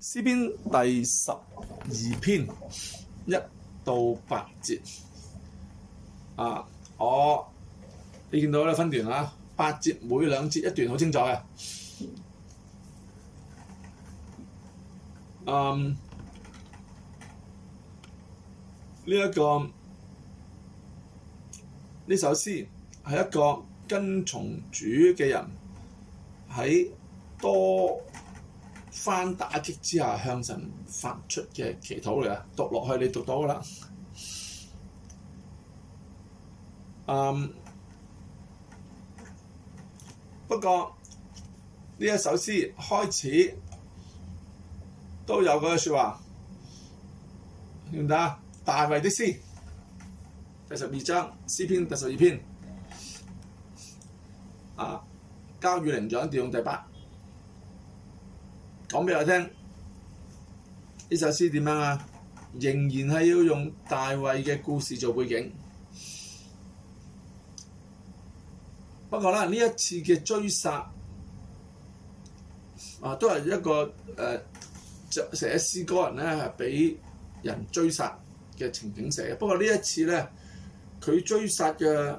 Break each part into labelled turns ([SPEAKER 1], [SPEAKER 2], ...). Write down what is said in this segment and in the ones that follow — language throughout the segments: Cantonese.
[SPEAKER 1] 詩篇第十二篇一到八節啊，我、哦、你見到啦，分段啦、啊，八節每兩節一段，好清楚嘅。嗯、呢、這、一個呢首詩係一個跟從主嘅人喺多。翻打擊之下，向神發出嘅祈禱嚟啊！讀落去你讀到噶啦。嗯、um，不過呢一首詩開始都有嗰説話，記唔記得？大衛的詩，第十二章詩篇第十二篇，啊，交與靈長調用第八。講俾我聽，呢首詩點樣啊？仍然係要用大衛嘅故事做背景。不過啦，呢一次嘅追殺啊，都係一個誒，著、呃、寫詩歌人咧係俾人追殺嘅情景寫嘅。不過呢一次咧，佢追殺嘅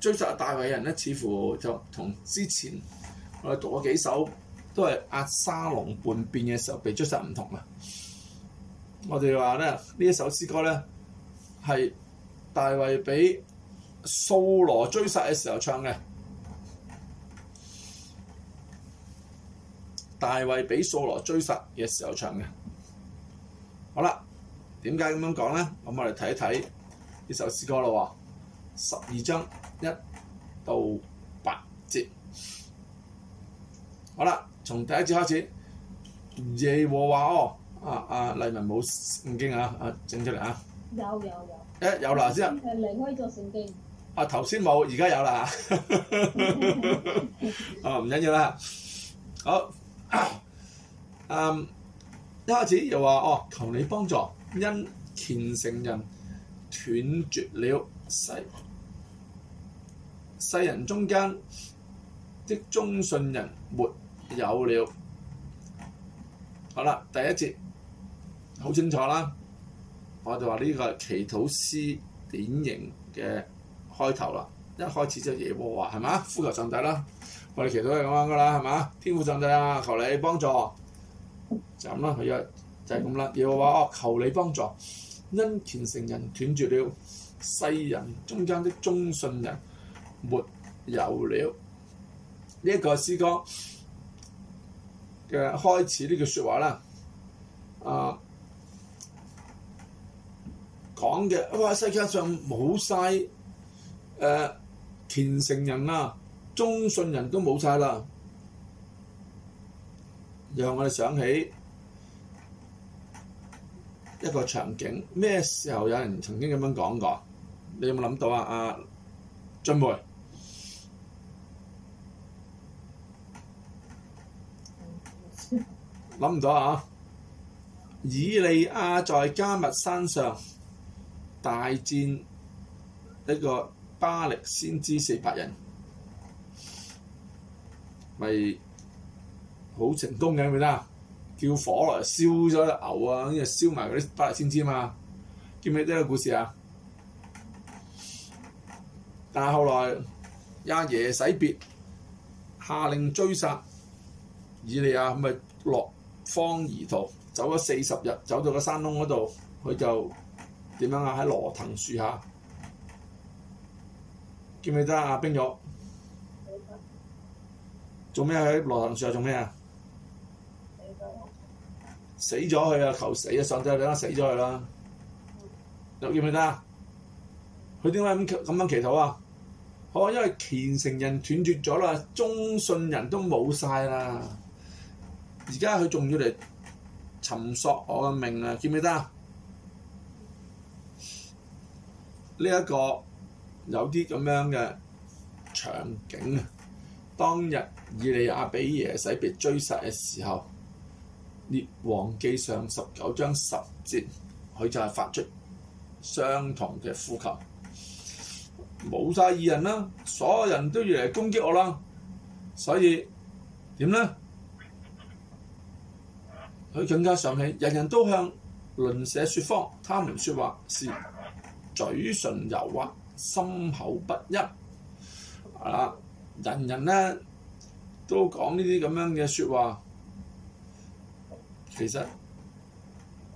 [SPEAKER 1] 追殺大衛人咧，似乎就同之前我哋讀過幾首，都係押沙龍叛變嘅時候被追殺唔同啦。我哋話咧呢一首詩歌咧係大衛俾掃羅追殺嘅時候唱嘅，大衛俾掃羅追殺嘅時候唱嘅。好啦，點解咁樣講咧？咁我哋睇一睇呢首詩歌咯。喎，十二章一到八節。好啦，從第一節開始。耶和華哦，啊，阿、啊、麗文冇聖經啊，阿整出嚟啊。有有、啊、有。誒有啦，先、啊。係離開咗聖經。啊頭先冇，而家有啦嚇。哦唔緊要啦。好啊啊。啊，一開始又話哦、啊，求你幫助，因虔誠人斷絕了世，世人中間即忠信人沒。有了，好啦，第一節好清楚啦。我就話呢個係祈禱詩典型嘅開頭啦，一開始就係耶和華係嘛，呼求上帝啦。我哋祈禱係咁樣噶啦，係嘛？天父上帝啊，求你幫助，就咁啦。佢一就係咁啦。耶和華哦，求你幫助，因虔誠人斷絕了世人中間的忠信人，沒有了。呢、這、一個詩歌。嘅開始呢句説話啦，啊講嘅話世界上冇晒誒虔誠人啊，忠信人都冇晒啦，讓我哋想起一個場景。咩時候有人曾經咁樣講過？你有冇諗到啊？阿、啊、俊梅。諗唔到啊！以利亞在迦密山上大戰呢個巴力先知四百人，咪好成功嘅，記得叫火嚟燒咗隻牛啊，咁又燒埋嗰啲巴力先知啊嘛！記唔記得呢個故事啊？但係後來亞耶洗別下令追殺以利亞，咪落。荒而逃，走咗四十日，走到個山窿嗰度，佢就點樣啊？喺羅藤樹下，記唔記得啊？冰玉，做咩喺羅藤樹下做咩啊？死咗佢啊！求死啊！上帝等下死咗佢啦？又記唔記得啊？佢點解咁咁樣祈禱啊？好啊，因為虔誠人斷絕咗啦，忠信人都冇晒啦。而家佢仲要嚟尋索我嘅命啊！記唔記得啊？呢、這、一個有啲咁樣嘅場景啊，當日以利亞俾耶洗別追殺嘅時候，《列王紀上》十九章十節，佢就係發出相同嘅呼求，冇晒二人啦，所有人都要嚟攻擊我啦，所以點咧？佢更加上氣，人人都向鄰舍説謊，他們説話是嘴唇油滑，心口不一。啊，人人咧都講呢啲咁樣嘅説話，其實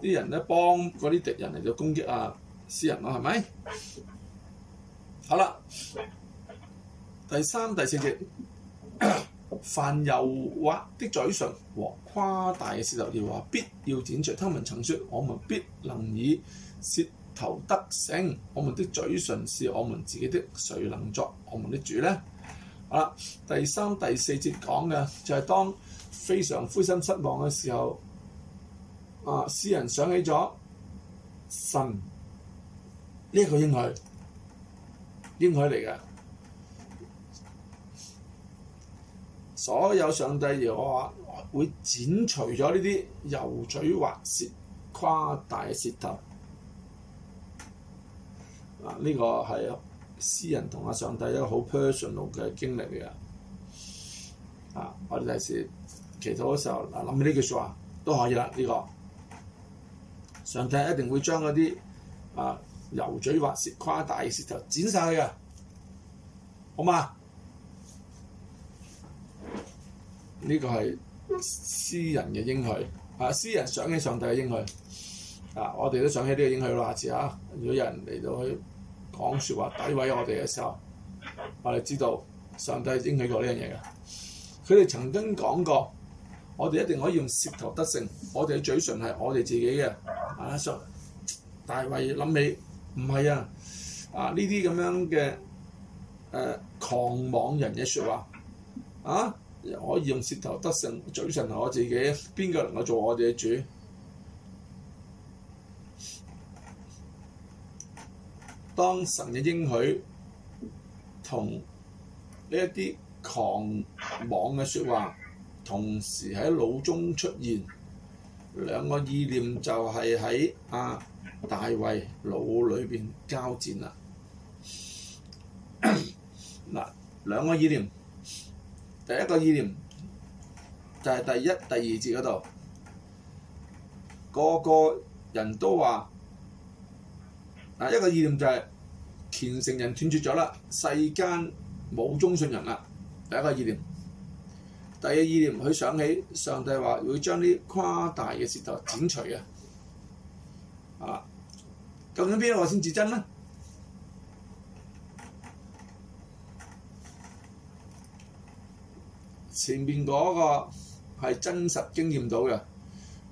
[SPEAKER 1] 啲人咧幫嗰啲敵人嚟到攻擊啊，私人咯係咪？好啦，啊，第三、第四節。 凡油滑的嘴唇和誇大嘅舌頭，耶和華必要剪除。他們曾說：我們必能以舌頭得勝。我們的嘴唇是我們自己的，誰能作我們的主呢？好啦，第三、第四節講嘅就係、是、當非常灰心失望嘅時候，啊，詩人想起咗神呢、這個應許，應許嚟嘅。所有上帝而我話會剪除咗呢啲油嘴滑舌、誇大嘅舌頭。啊，呢、這個係私人同阿上帝一個好 personal 嘅經歷嚟嘅。啊，我哋第時祈禱嘅時候嗱，諗起呢句説話都可以啦。呢、這個上帝一定會將嗰啲啊油嘴滑舌、誇大嘅舌頭剪晒佢嘅，好嗎？呢個係詩人嘅應許，啊！詩人想起上帝嘅應許，啊！我哋都想起呢個應許啦，下次啊，如果有人嚟到講説話，詆毀我哋嘅時候，我哋知道上帝應許過呢樣嘢嘅。佢哋曾經講過，我哋一定可以用舌頭得勝，我哋嘅嘴唇係我哋自己嘅。啊，所大衛諗起，唔係啊，啊呢啲咁樣嘅誒、啊、狂妄人嘅説話，啊！可以用舌頭得勝，嘴唇由我自己，邊個能夠做我哋嘅主？當神嘅應許同呢一啲狂妄嘅説話同時喺腦中出現，兩個意念就係喺阿大衛腦裏邊交戰啦。嗱， 兩個意念。第一個意念就係、是、第一、第二節嗰度，個個人都話，嗱、啊、一個意念就係虔誠人斷絕咗啦，世間冇忠信人啦。第一個意念，第二個意念，佢想起上帝話會將啲誇大嘅舌頭剪除嘅，啊，究竟邊一個先至真咧？前面嗰個係真實經驗到嘅，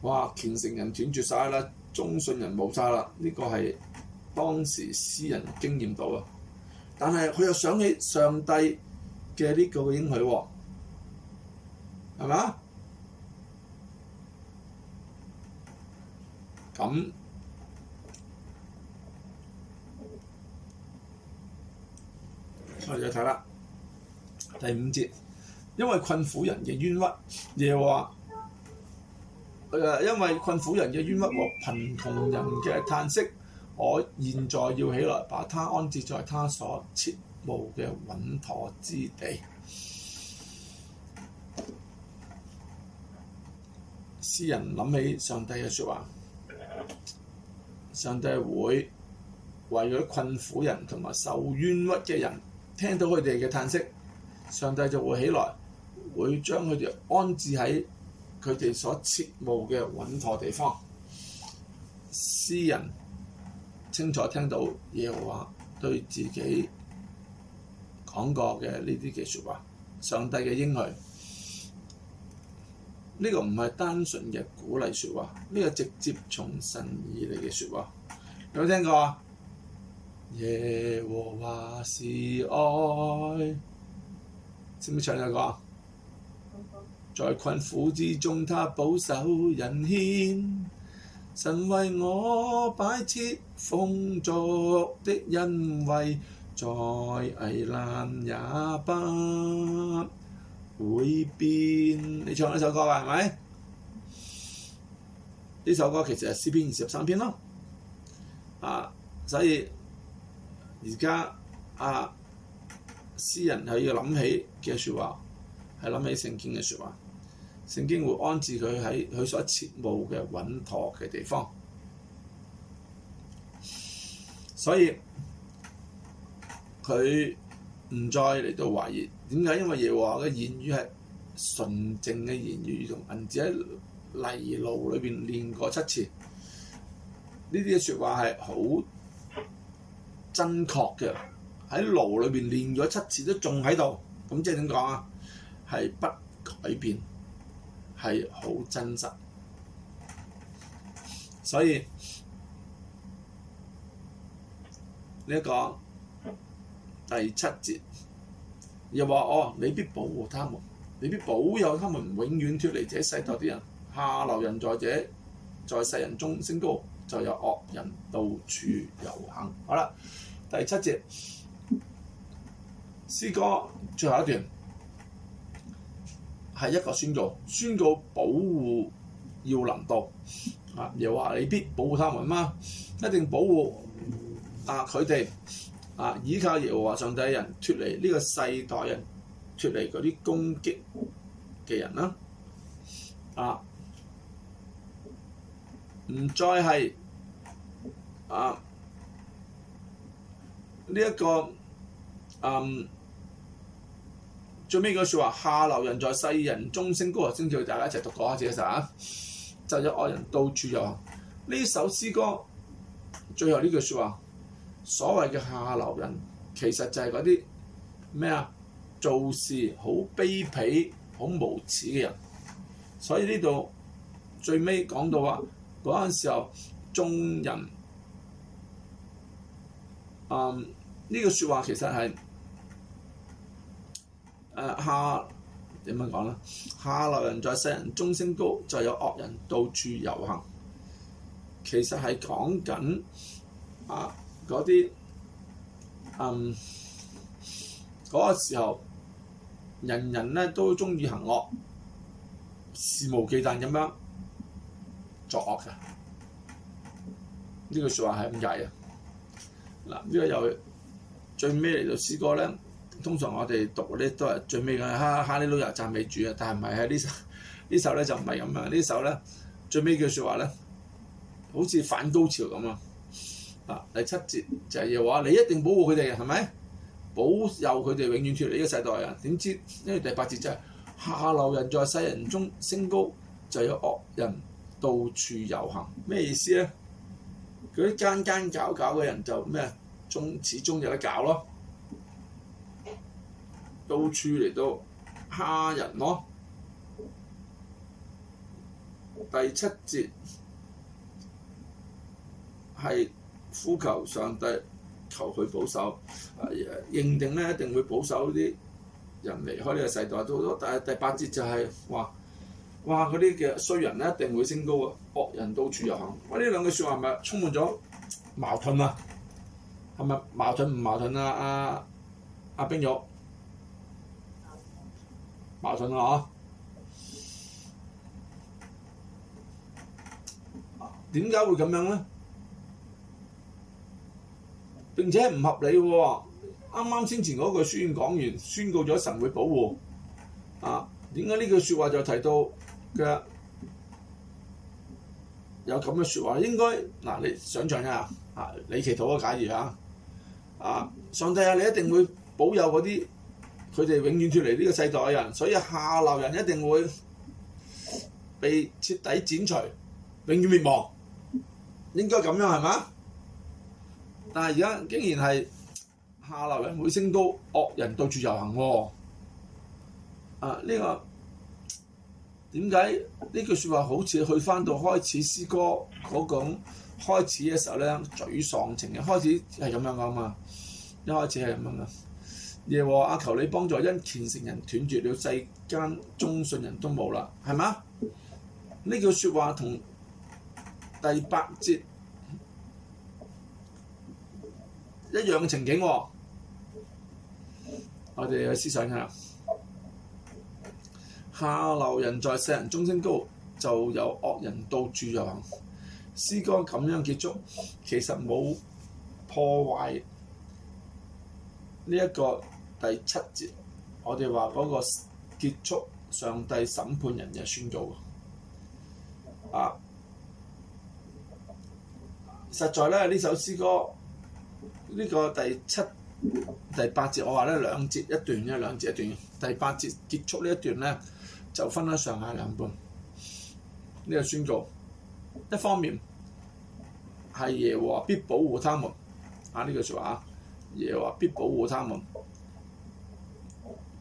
[SPEAKER 1] 哇！虔誠人轉絕晒啦，忠信人無差啦，呢、這個係當時私人的經驗到啊！但係佢又想起上帝嘅呢個應許、哦，係嘛？咁我哋再睇啦，第五節。因為困苦人嘅冤屈，耶和，呃，因為困苦人嘅冤屈和貧窮人嘅嘆息，我現在要起來，把他安置在他所切慕嘅穩妥之地。詩人諗起上帝嘅説話，上帝會為咗困苦人同埋受冤屈嘅人聽到佢哋嘅嘆息，上帝就會起來。會將佢哋安置喺佢哋所切慕嘅穩妥地方，詩人清楚聽到耶和華對自己講過嘅呢啲嘅説話。上帝嘅應許，呢、這個唔係單純嘅鼓勵説話，呢、這個直接從神而嚟嘅説話。有冇聽過啊？耶和華是愛，識唔識唱呢個歌啊？在困苦之中，他保守人謙。神為我擺設豐足的恩惠，因為再危難也不會變。你唱呢首歌啊，係咪？呢首歌其實係詩篇二十三篇咯。啊，所以而家啊，詩人係要諗起嘅說話，係諗起聖經嘅說話。聖經會安置佢喺佢所切慕嘅穩妥嘅地方，所以佢唔再嚟到懷疑，點解？因為耶和華嘅言語係純正嘅言語，同文字喺泥爐裏邊煉過七次，呢啲嘅説話係好真確嘅。喺爐裏邊煉咗七次都仲喺度，咁即係點講啊？係不改變。係好真實，所以呢、這個第七節又話：哦，你必保護他們，你必保佑他們，永遠脱離這世代啲人，下流人在者，在世人中升高，就有惡人到處遊行。好啦，第七節詩歌最後一段。係一個宣告，宣告保護要臨到啊！耶和華、啊、你必保護他們啊，一定保護啊！佢哋啊，依靠耶和華、啊、上帝人脱離呢個世代脱離人脱離嗰啲攻擊嘅人啦啊！唔再係啊呢一個啊～最尾句説話：下流人在世人中聲高，先叫大家一齊讀過下字嘅時候，就有惡人到處遊。呢首詩歌最後呢句説話，所謂嘅下流人，其實就係嗰啲咩啊？做事好卑鄙、好無恥嘅人。所以呢度最尾講到話，嗰陣時候眾人，嗯，呢句説話其實係。誒下點樣講咧？下流人在世人中升高，就有惡人到處遊行。其實係講緊啊嗰啲嗯嗰、嗰個時候，人人咧都中意行惡，肆無忌憚咁、這個、樣作惡嘅。呢句説話係咁解啊！嗱，呢個又最尾嚟到詩歌咧。通常我哋讀嗰啲都係最尾嘅，哈，哈利路亞，讚美主啊！但係唔係喺呢首呢首咧就唔係咁啊！呢首咧最尾句説話咧，好似反高潮咁啊！啊，第七節就係話你一定保護佢哋係咪？保佑佢哋永遠脱離呢個世代啊。點知因為第八節就係、是、下流人在世人中升高，就有惡人到處遊行。咩意思咧？嗰啲奸奸搞搞嘅人就咩？終始終有得搞咯～到處嚟到蝦人咯、哦！第七節係呼求上帝，求佢保守，啊、認定咧一定會保守啲人離開呢個世代。到咗第第八節就係、是、話：哇！嗰啲嘅衰人咧一定會升高嘅，惡人到處遊行。哇！呢兩句説話咪充滿咗矛盾啊？係咪矛盾唔矛盾啊？阿、啊、阿、啊、冰玉？矛盾啦嚇！點解、啊、會咁樣咧？並且唔合理喎、啊！啱啱先前嗰句宣講完，宣告咗神會保護啊！點解呢句説話就提到嘅有咁嘅説話？應該嗱、啊，你想像一下啊！你祈禱啊，假如啊啊，上帝啊，你一定會保佑嗰啲。佢哋永遠脱離呢個世代嘅人，所以下流人一定會被徹底剪除，永遠滅亡。應該咁樣係嘛？但係而家竟然係下流人每升都惡人到處遊行喎、哦。啊，呢、呢個點解呢句説話好似去返到開始詩歌嗰種開始嘅時候咧，沮喪情，開始係咁樣講噶嘛？一開始係咁樣噶。耶和華啊求你幫助，因虔誠人斷絕了，世間忠信人都冇啦，係嘛？呢句説話同第八節一樣嘅情景、哦。我哋去思想下，下流人在世人中升高，就有惡人到處遊行。詩歌咁樣結束，其實冇破壞呢、這、一個。第七節，我哋話嗰個結束上帝審判人嘅宣告啊！實在咧，呢首詩歌呢個第七、第八節，我話咧兩節一段嘅兩節一段。第八節結束呢一段咧，就分咗上下兩半呢個宣告。一方面係耶和華必保護他們，啊呢句説話，耶和華必保護他們。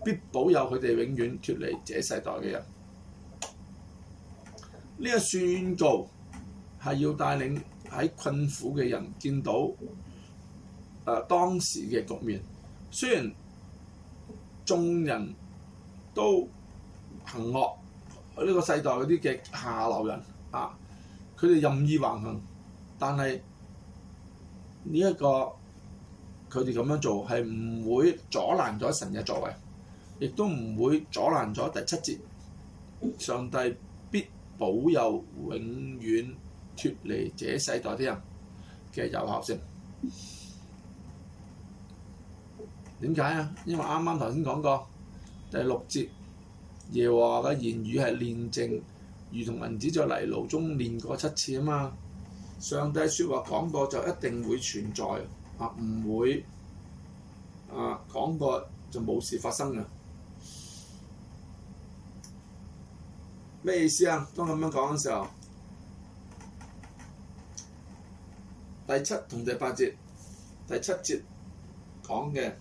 [SPEAKER 1] 必保佑佢哋永遠脱離這世代嘅人。呢一個宣告係要帶領喺困苦嘅人見到誒、呃、當時嘅局面。雖然眾人都行惡，呢、這個世代嗰啲嘅下流人啊，佢哋任意橫行，但係呢一個佢哋咁樣做係唔會阻攔咗神嘅作為。亦都唔會阻攔咗第七節，上帝必保佑永遠脱離這世代啲人嘅有效性。點解啊？因為啱啱頭先講過第六節，耶和華嘅言語係煉淨，如同銀子在泥爐中煉過七次啊嘛。上帝説話講過就一定會存在啊，唔會啊，講過就冇事發生嘅。咩意思啊？當咁樣講嘅時候，第七同第八節，第七節講嘅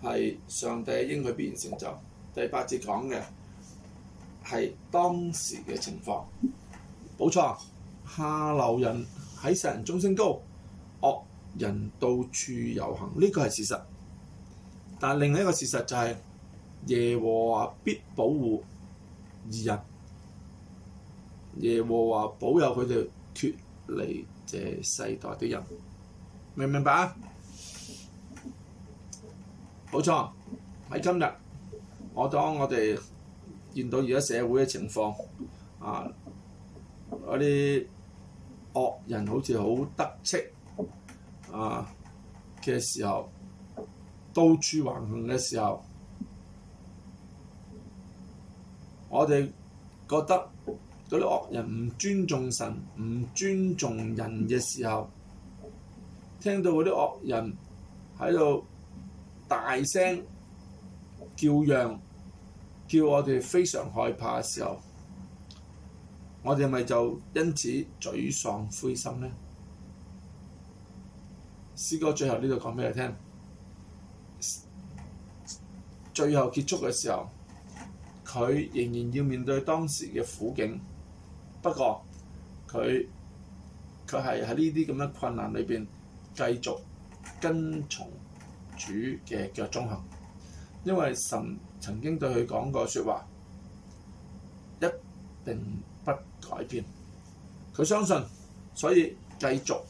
[SPEAKER 1] 係上帝應許必然成就；第八節講嘅係當時嘅情況。冇錯，下流人喺世人中升高，惡人到處遊行，呢、呢個係事實。但另一個事實就係、是、耶和華必保護義人。耶和華保佑佢哋脫離這世代的人，明唔明白啊？冇錯，喺今日，我當我哋見到而家社會嘅情況，啊，嗰啲惡人好似好得戚啊嘅時候，到處橫行嘅時候，我哋覺得。嗰啲惡人唔尊重神、唔尊重人嘅時候，聽到嗰啲惡人喺度大聲叫嚷，叫我哋非常害怕嘅時候，我哋係咪就因此沮喪灰心咧？詩歌最後呢度講俾你聽，最後結束嘅時候，佢仍然要面對當時嘅苦境。不過，佢佢係喺呢啲咁嘅困難裏邊，繼續跟從主嘅腳蹤行，因為神曾經對佢講過説話，一定不改變。佢相信，所以繼續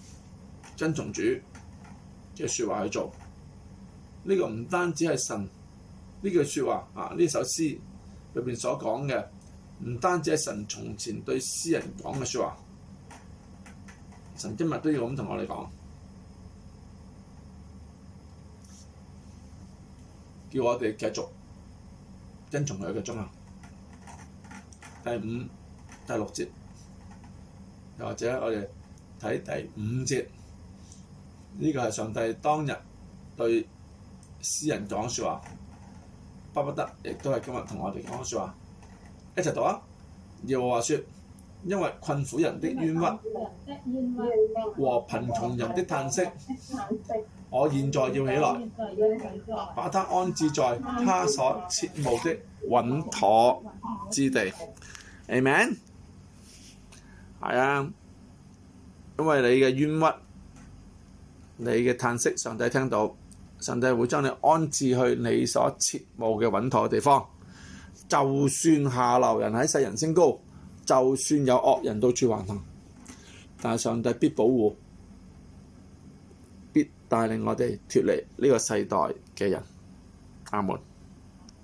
[SPEAKER 1] 跟從主嘅説話去做。呢、這個唔單止係神呢句説話啊，呢首詩裏邊所講嘅。唔單止係神從前對詩人講嘅説話，神今日都要咁同我哋講，叫我哋繼續跟從佢嘅忠行。第五、第六節，又或者我哋睇第五節，呢、呢個係上帝當日對詩人講説話，巴不，不得亦都係今日同我哋講説話。一齊讀啊！又話說，因為困苦人的冤屈和貧窮人的嘆息，我現在要起來，把它安置在他所切慕的穩妥之地。Amen。係啊，因為你嘅冤屈、你嘅嘆息，上帝聽到，上帝會將你安置去你所切慕嘅穩妥的地方。就算下流人喺世人升高，就算有惡人到處橫行，但上帝必保護，必帶領我哋脫離呢個世代嘅人。阿門。